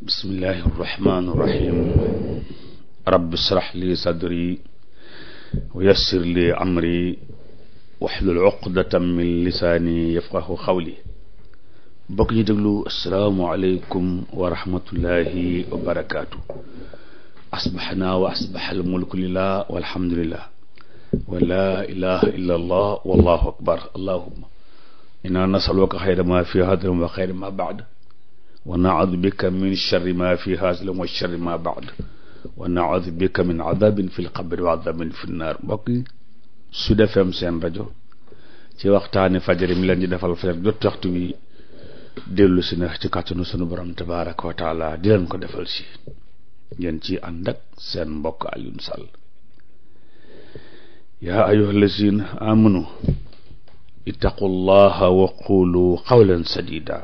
bismillahi arrahmani irrahim rabbi israh li sadri wa yassir li amri waxlul uqdatan min lisaani yafqahu xawli bokk ñu déglu asalaamualeykum wa rahmatullahi wa barakaatu asbaxnaa wa asbax almulku lillah walhamdulillah wa laa ilaha illa allah wallahu akbar allahuma inna nasaluka xayra ma fi hadra wa xayra ma baad wa naudu bika min sharri ma fi haasilam wa sharri ma baad wa naudu bika min adabin fi lqabri wa adabin fi nnaar mbokk yi Sud FM seen rajo ci waxtaani fajar mi leen di defal fajar jot waxtu wi dellu si na ci kàttanu sunu borom tabaraka wa taala di leen ko defal si ngeen ci ànd ak seen mbokk Alioune Sall yaa ayyuha allazina amanu ittaqullaha wa qulu qawlan sadida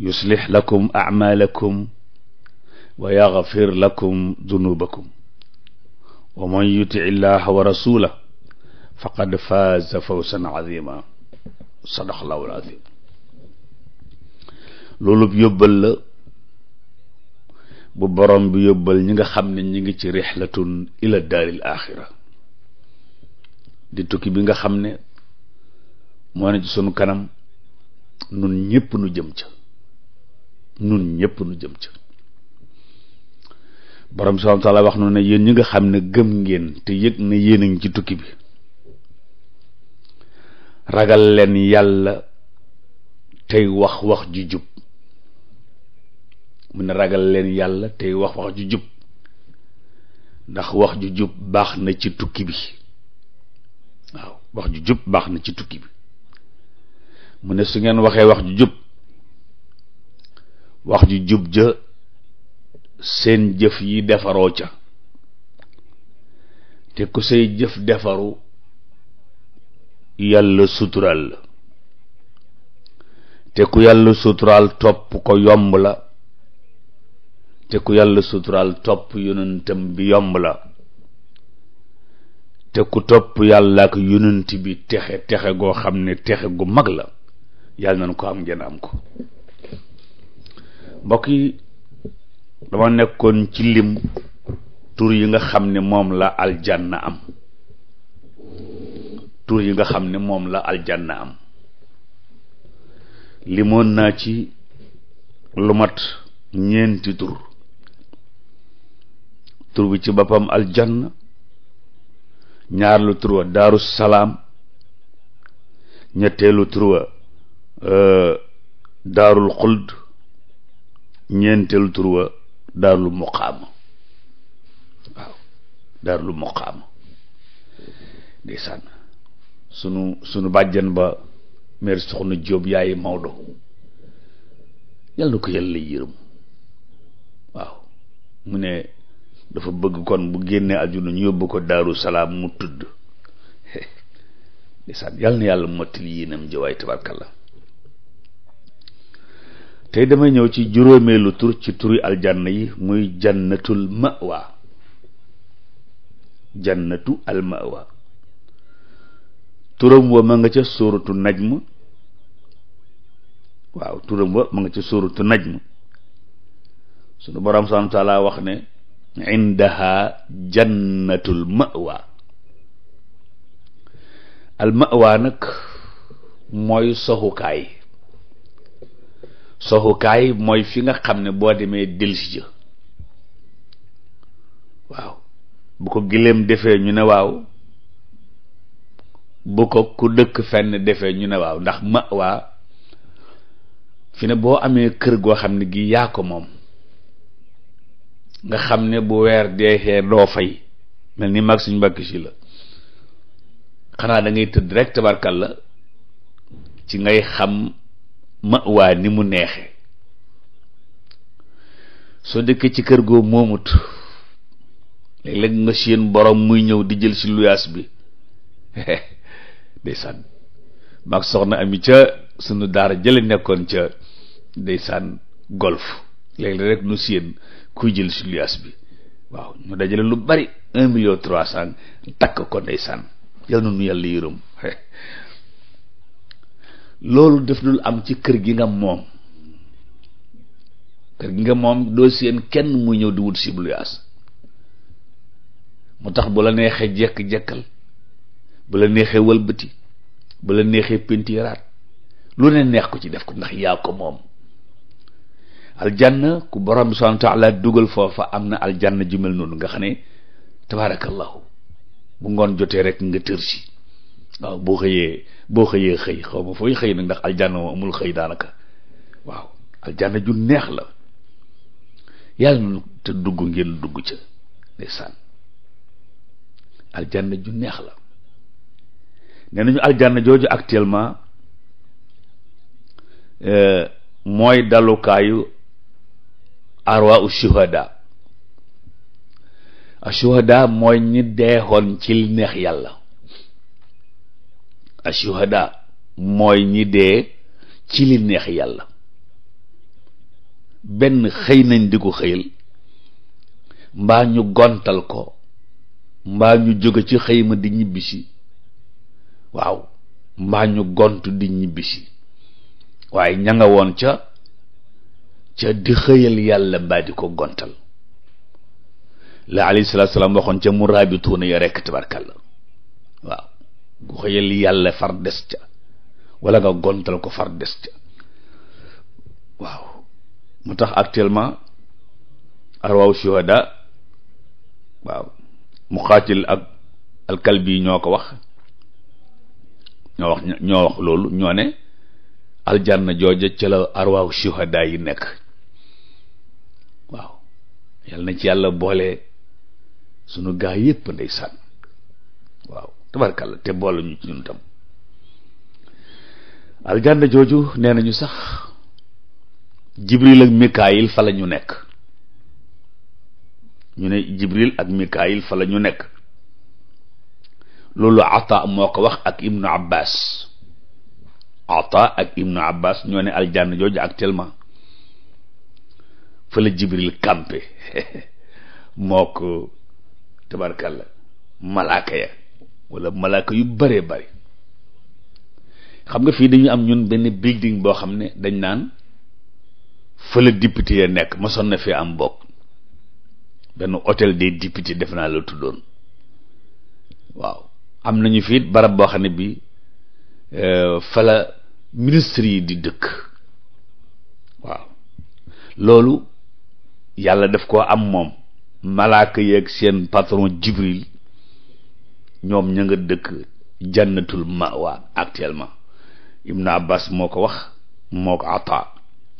yuslix lakum acmaalakum wa yaxfir lakum dunubakum wa man yuti illaha wa rasulah faqad faaza fawsan azima sadaqallahu alazim loolu yóbbal la bu borom bi yóbbal ñi nga xam ne ñi ngi ci rixlatun ila daaril axira di tukki bi nga xam ne moo ne ci sunu kanam nun ñépp nu jëm ca nun ñëpp nu jëm ca borom subhaanahu wa taala wax nu ne yéen ñi nga xam ne gëm ngeen te yëg na yéen a ngi ci tukki bi ragal leen yàlla tey wax wax ju jub mu ne ragal leen yàlla tey wax wax ju jub ndax wax ju jub baax na ci tukki bi waaw wax ju jub baax na ci tukki bi mu ne su ngeen waxee wax ju jub wax ju jub ja seen jëf yi defaroo ca te ku say jëf defaru yàlla suturaal la te ku yàlla suturaal topp ko yomb la te ku yàlla suturaal topp yonentam bi yomb la te ku topp yàlla ak yonent bi texe texe goo xam ne texe gu mag la yàlla nañ ko am ngeen am ko mbokk yi dama nekkoon ci lim tur yi nga xam ne moom la aljanna am tur yi nga xam ne moom la aljanna am limoon naa ci lu mat ñeenti tur tur bi ci boppam aljanna ñaarlu tur wa daaru salaam ñetteelu tur wa euh, daarul xuld ñeenteelu tur wa daarul muqaama waaw daarul muqaama ndeysaan sunu sunu bàjjan ba mère soxna Jóob yaayi Maodo yàlla ko yàlla yërëm waaw mu ne dafa bëgg kon bu génnee àdduna ñu yóbbu ko daaru salaam mu tudd ndeysaan yàlla na yàlla mottali yéenam jëwaay tabarkalla tey damay ñëw ci juróomeelu tur ci turi aljanna yi muy jannatul mawa jannatu almawa turam wa ma nga ca suuratu najm waaw turam wa ma nga ca suuratu najm sunu borom subhaanahu wa taala wax ne indaha jannatul mawa almawa nag mooy soxukaay soxukaay mooy fi nga xam ne boo demee delsi ja waaw bu ko gileem defee ñu ne waaw bu ko ku dëkk fenn defee ñu ne waaw ndax ma waa fi ne boo amee kër goo xam ne gi yaa ko moom nga xam ne bu weer deexee doo fay mel ni mag suñ mbàkk si la xanaa da tëdd rek tabarkal la ci ngay xam ma waa ni mu neexe soo dëkkee ci kër goo moomut léeg-léeg nga seen borom muy ñëw di jël si luyaas bi ndeysaan maag soxna ami ca sunu daara jële nekkoon ca ndeysaan golf léeg-léeg rek nu kuy jël si luyaas bi waaw ñu dajale lu bari un million trois cent takk ko ndeysaan yal na nu yàlla yërëm loolu def dul am ci kër gi nga moom kër gi nga moom doo seen kenn mu ñëw di wut si bu tax bu la neexee jekk-jekkal bu la neexee wëlbati bu la neexee pentiiraat lu ne neex ko ci def ko ndax yaa ko moom aljanna ku borom bi subhanahu wa dugal foofa am na aljanna ju mel noonu nga xam ne tabaarakallahu bu ngoon jotee rekk nga tër si waaw boo xëyee boo xëyee xëy xaw ma fooy xëy nag ndax aljanna moom amul xëy daanaka waaw aljanna ju neex la yàlla na te dugg ngeen dugg ca ndeysaan aljanna ju neex la nee nañu aljanna jooju actuellement euh, mooy dalukaayu arwa u shuhada mooy ñi deexoon ci neex yàlla ashuhada mooy ñi dee ci li neex yàlla benn xëy nañ di ko xëyal mbaa ñu gontal ko mbaa ñu jóge ci xëyma di ñibbisi waaw mbaa ñu gont di ñibbisi waaye ña nga woon ca ca di xëyal yàlla mbaa di ko gontal la alayhi salaatu salaam waxoon ca muraabituuna ya rekk tabarkàlla waaw gu xëyal yàlla far des ca wala nga gontal ko far des ca waaw mu tax actuellement arwaaw shuhada waaw mu xaatil ak alkalbi ñoo ko wax ñoo wax ñoo wax loolu ñoo ne aljanna jooja ca la arwaaw shuhada yi nekk waaw yàlla na ci yàlla boole sunu gaa yépp ndeysaan waaw tabarkàlla te boole ñu ci ñun tam aljanna jooju nee nañu sax jibril ak mikaayil fa lañu nekk ñu ne jibril ak mikaayil fa la nekk loolu ata moo ko wax ak ibnu abbas ata ak ibnu abbas ñoo ne aljanna jooju actuellement fa la jibril campé moo ko tabarkàlla malaaka ya wala malaaka yu bëree bëri xam nga fii dañu am ñun benn building boo xam ne dañ naan fële député ya nekk mosoon na fi am bokk benn hôtel des députés def naa la tuddoon waaw am nañu fi barab boo xam ne bi euh, fa ministre yi di dëkk waaw loolu yàlla def ko am moom malaaka yeeg seen patron Jibril ñoom ña nga dëkk jannatul mawa actuellement Ibn Abbas moo ko wax moo ko ata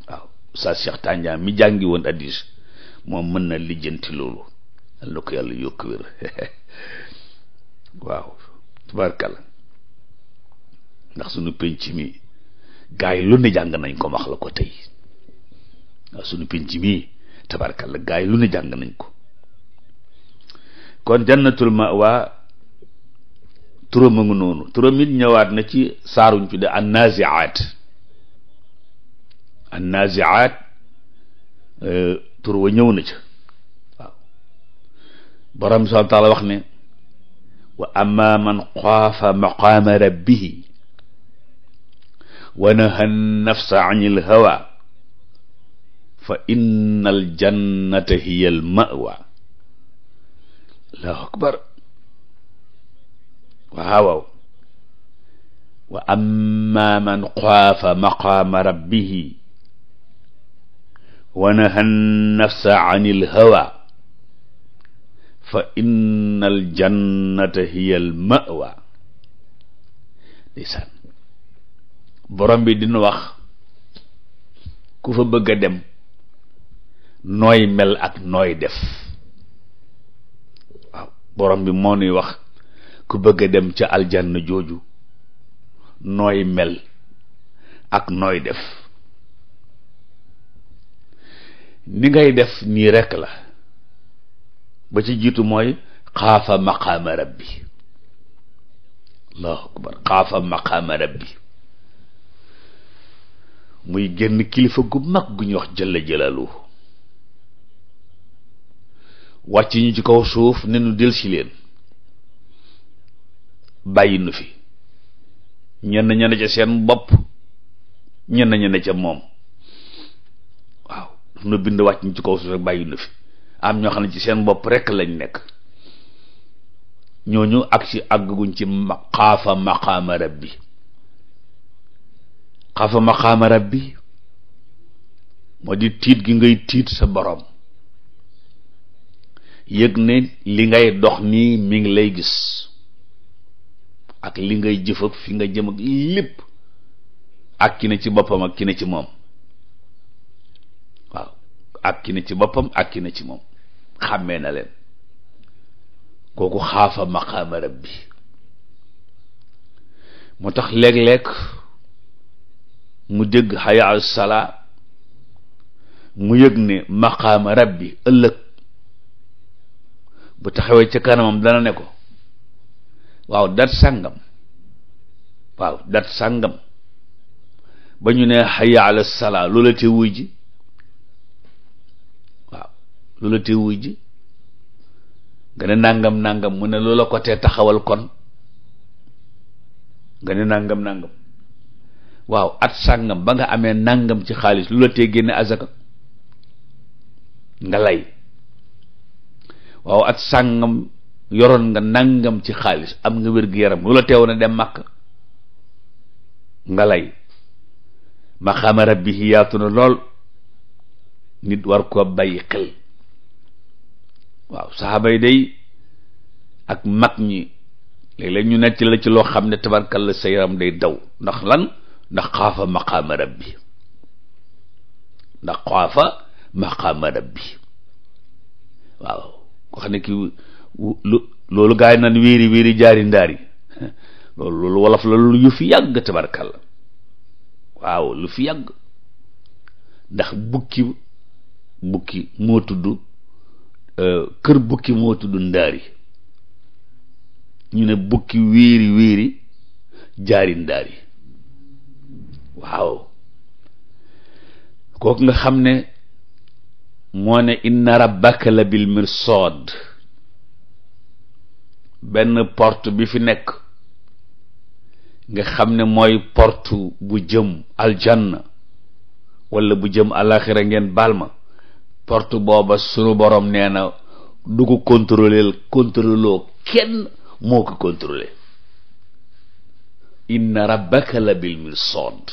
waaw sa Cheikh Tandian mi jàngi woon addis moom mën na lijjanti loolu lu ko yàlla yokk wér waaw tubaarkàlla ndax suñu penc mi yi lu ne jàng nañ ko wax la ko tey waaw suñu penc mi tabaarkàlla gars yi lu ne jàng nañ ko kon jannatul mawa turam a ngi noonu turam it ñëwaat na ci saaruñ tudde annaziaat annaziaat euh, tur wa ñëw na ci waaw borom subhaana taala wax ne wa amma man xaafa maqaama rabbihi wa naha nafsa an il hawa fa al jannata hiya al mawa allahu akbar waawaw wa amma man xaafa maqaama rabbihi wa naha nafsa an ilhawa fa inna aljannata hiya almawa ndeysaan borom bi dina wax ku fa bëgg a dem nooy mel ak nooy def waaw borom bi moo nuy wax ku bëgg dem ca aljanna jooju nooy mel ak nooy def ni ngay def nii rekk la ba ci jiitu mooy xaafa maqaama rabbi allahu akbar rabbi muy génn kilifa gu mag gu ñuy wax jëla jëlalu wàcc ñu ci kaw suuf ne nu del leen bàyyi nu fi ñenn ñenn ca seen bopp ñenn ñenn ca moom waaw daf nu bind wàcc ñu ci kaw suuf rek bàyyi nu fi am ñoo xam ne ci seen bopp rek lañ nekk ñooñu agsi si àgguñ ci xaafa maqaama rabbi xaafa maqaama rabbi moo di tiit gi ngay tiit sa boroom yëg ne li ngay dox nii mi ngi lay gis ak li ngay jëf fi nga jëm ak lépp ak ki ci boppam ak ki ci moom waaw ak ki ci boppam ak ki ci moom xàmmee na leen kooku xaafa maqaama rabbi moo tax léeg-léeg mu dégg xayaa salaa mu yëg ne maqaama rabbi ëllëg bu taxawee ci kanamam dana ne ko waaw dat sàngam waaw dat sàngam ba ñu ne hayya ala salaa loola te wuy ji waaw loola te wuy nga ne nàngam nàngam mu ne loola ko te taxawal kon nga ne nàngam nàngam waaw at sàngam ba nga amee nàngam ci xaalis loola te génne azaka nga lay waaw at sàngam yoroon nga nangam ci xaalis am nga wér-gu-yaram lu la teewoon a dem màkk nga lay maqaama rabbihi yaatu na lool nit war ko bàyyi xel waaw saxaaba yi day ak mag ñi léeg-léeg ñu nekk la ci loo xam ne la sa yaram day daw ndax lan ndax xaafa maqaama rabbi ndax xaafa maqaama rabbi waaw ko xam ne ki loolu gaa yi naan wiiri wiiri jaari ndaari loolu loolu wolof la lu yu fi yàgg tabarkàlla waaw lu fi yàgg ndax bukki bukki moo tudd euh, kër bukki moo tudd ndaari ñu ne bukki wiiri wiiri jaari ndaari waaw kooku nga xam ne moo ne inna rabbaka la bil mirsad benn port bi fi nekk nga xam ne mooy port bu jëm aljanna wala bu jëm alaxira ngeen baal ma porte booba sunu borom neena na du ko contrôler contrôloo kenn moo ko contrôler inna rabbaka la bil mirsad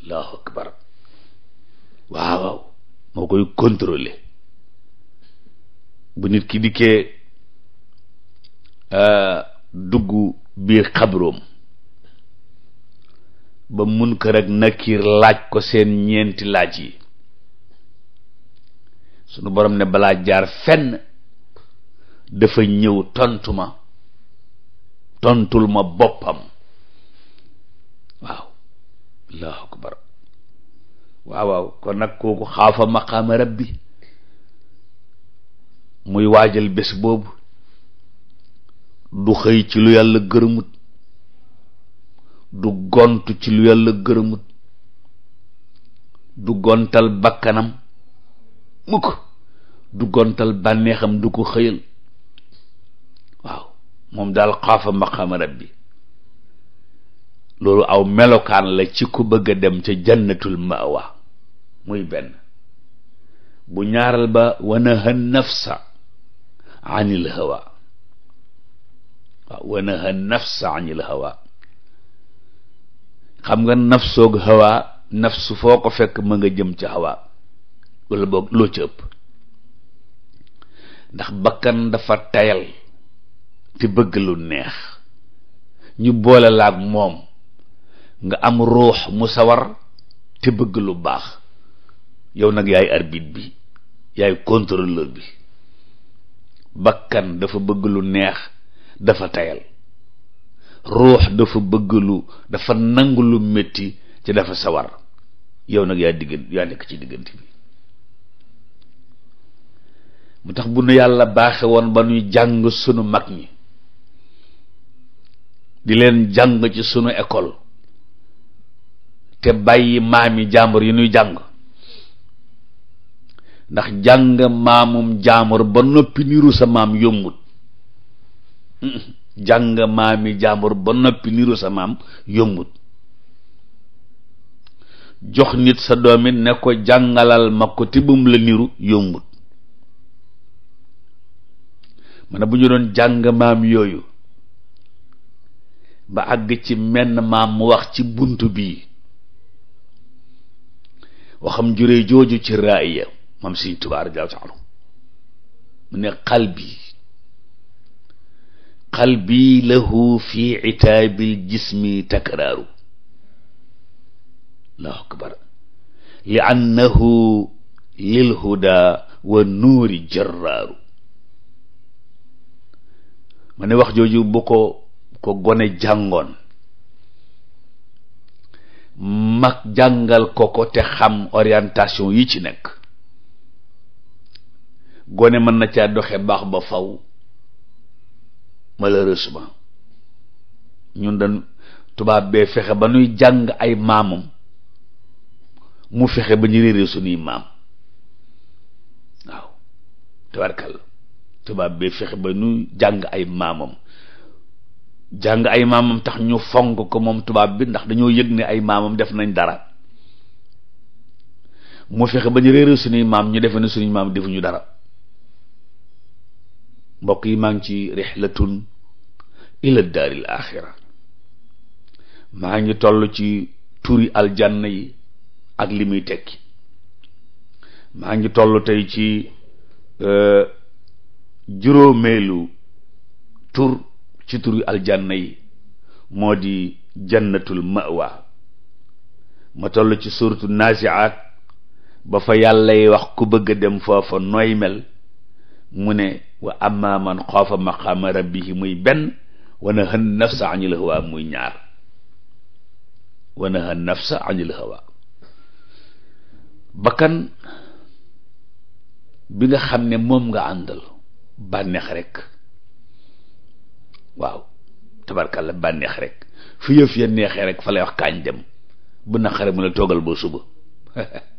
allahu waaw moo koy contrôler bu nit ki dikkee dugg biir xabroom ba Munkar ak Nakiir laaj ko seen ñeenti laaj yi sunu borom ne balaa jaar fenn dafa ñëw tontu ma tontul ma boppam waaw waaw waaw nag kooku xaafa maqaama rabbi muy waajal bés boobu du xëy ci lu yàlla gërëmut du gont ci lu yàlla gërëmut du gontal bakkanam mukk du gontal bànneexam du ko xëyal waaw moom daal xaafa maqaama rabbi loolu aw melokaan la ci ku bëgg a dem ca jannatul mawa muy benn bu ñaaral ba wanaha nafsa anil hawa wa naha nafsa anil hawa xam nga nafsoog hawa nafsu foo ko fekk ma nga jëm ci hawa wala boog loo ci ëpp ndax bakkan dafa tayal te bëgg lu neex ñu boole laag moom nga am ruux mu sawar te bëgg lu baax yow nag yaay arbitre bi yaay contrôleur bi bakkan dafa bëgg lu neex dafa tayal ruux dafa bëgg lu dafa nangu lu métti ci dafa sawar yow nag yaa diggante yaa nekk ci diggante bi mu tax bu nu yàlla baaxe woon ba nuy jàng sunu mag ñi di leen jàng ci sunu ekool te bàyyi maami jaambur yi nuy jàng ndax jàng maamum jaambur ba noppi niru sa maam yombut jàng maami jàmbur ba noppi niru sa maam yombut jox nit sa doom it ne ko jàngalal ma ko te la niru yombut ma ne bu ñu doon jàng maam yooyu ba àgg ci menn maam mu wax ci bunt bi waxam jure jooju ci raaya mam Sëriñ Tuubaa radiyallaahu anhu mu ne xal bi qalbi lahu fi itaabil jismi takraaru allahu akbar li annahu lil huda wa nuuri jarraaru ma ne wax jooju bu ko ko gone jàngoon mag jàngal ko ko te xam orientation yi ci nekk gone mën na caa doxe baax ba faw malheureusement ñun dañ tubaab bee fexe ba nuy jàng ay maamam mu fexe ba ñu réere suñuy maam waaw tubaab bee fexe ba nuy jàng ay maamam jàng ay maamam tax ñu fonk ko moom tubaab bi ndax dañoo yëg ni ay maamam def nañ dara mu fexe ba ñu réere suñuy maam ñu defe ne suñuy maam defuñu dara mbokk yi maa ngi ci rixlatun ila daaril axira maa ngi tollu ci turi aljanna yi ak li muy tekki maa ngi tollu tey ci e, juróomeelu tur ci turi aljanna yi moo di jannatul mawa ma toll ci suratu naziaat ba fa yàllay wax ku bëgg a dem foofa nooy mel mu ne wa amma man xoofa maqaama rabbihi muy benn wana hën nafsa anil hawa muy ñaar wane hën nafsa anil hawa bakkan bi nga xam ne moom nga àndal bànneex rek waaw tabarkalla bànneex rek fi yëf ya neexee rek fa lay wax kaañ dem bu naqare mu la toogal boo suba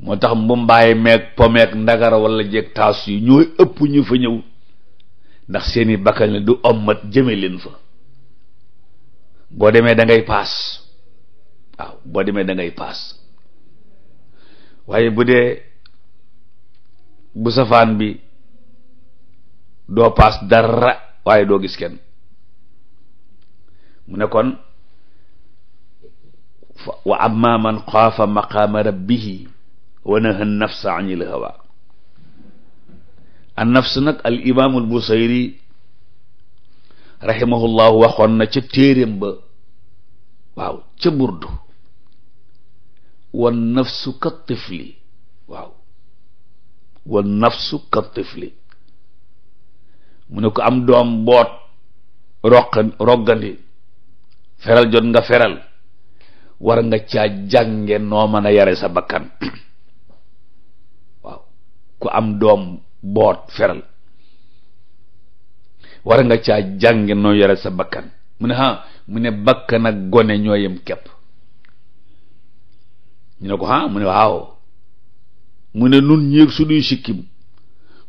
moo tax mbumbaay meeg pomeeg ndagara wala jeeg taas yi ñooy ëpp ñu fa ñëw ndax seeni bakkan la du ommat jëme leen fa boo demee da ngay paas waaw boo demee da ngay paas waaye bu dee bu safaan bi doo paas dara waaye doo gis kenn mu ne kon wa amma man xaafa maqaama rabbihi wa naha nafsa anil hawa nafs nag al imaamul busayri rahimahullah waxoon na ca téeréem ba waaw ca burdu wan nafsu ka tifli waaw wan nafsu ka tifli mu ne ko am doom boot roqan roggandi feral jot nga feral war nga caa jànge noo mën a yare sa bakkan ku am doom boot feral war nga caa jànge noo yore sa bakkan mu ne ha mu ne bakkan ak gone ñoo yem kepp ñu ne ko ha mu ne waaw mu ne nun ñéeg suñuy sikkim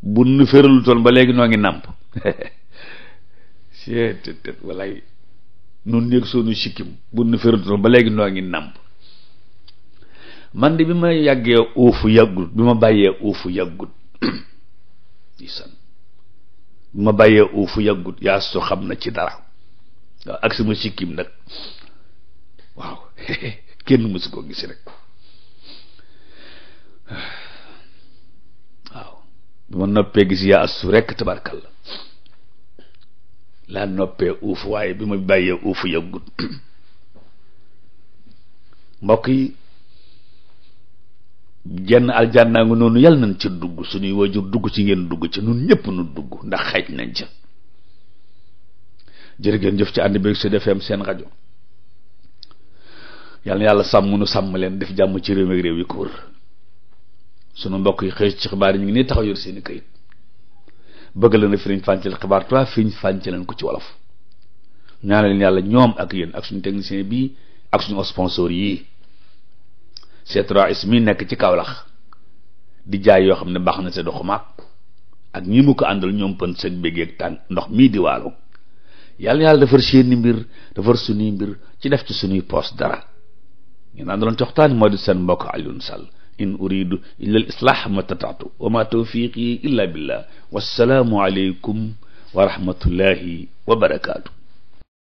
bu nu féralu toon ba léegi noo ngi nàmp seet walay nun ñéeg suñuy bu nu féralu toon ba léegi noo ngi nàmp man de bi ma yàggee uufu yàggut bi ma bàyyee uufu yàggut isan bi ma bàyyee yaa su xam na ci dara waaw ak sama sikkim nag waaw kenn mësu koo gis rek waaw bi ma noppee gis yaa su rekk tabarkalla laa noppee uufu waaye bi ma bàyyee uufu yàggut mbokk yi genn naa ngi noonu yàlla nañ ci dugg suñuy waajur dugg ci ngeen dugg ci nun ñëpp nu dugg ndax xaj nañ ca jërë ngeen jëf ci ànd bi Sud seen rajo yàlla yàlla sàmm nu sàmm leen def jàmm ci réew mi ak sunu mbokk yi xëy ci xibaar yi ñu ngi nii taxaw yor seeni kayit bëgg la na firiñ fàncal xibaar trois firiñ fàncal leen ko ci wolof ñaanal leen yàlla ñoom ak yéen ak suñu technicien bii ak suñu sponsor yii C3S mi nekk ci Kaolack di jaay yoo xam ne baax na sa doxu maag ak ñi mu ko àndal ñoom pën sëg bégeeg tànk ndox mii di waalo yàlla yàlla defar seeni mbir defar suñuy mbir ci def ci suñuy poos dara ñu naan doon coxtaani moo di seen mbokk Alioune sal in uridu illa al islaah ma tataatu wa ma tawfiqi illa billah wassalaamu aleykum wa wa barakaatu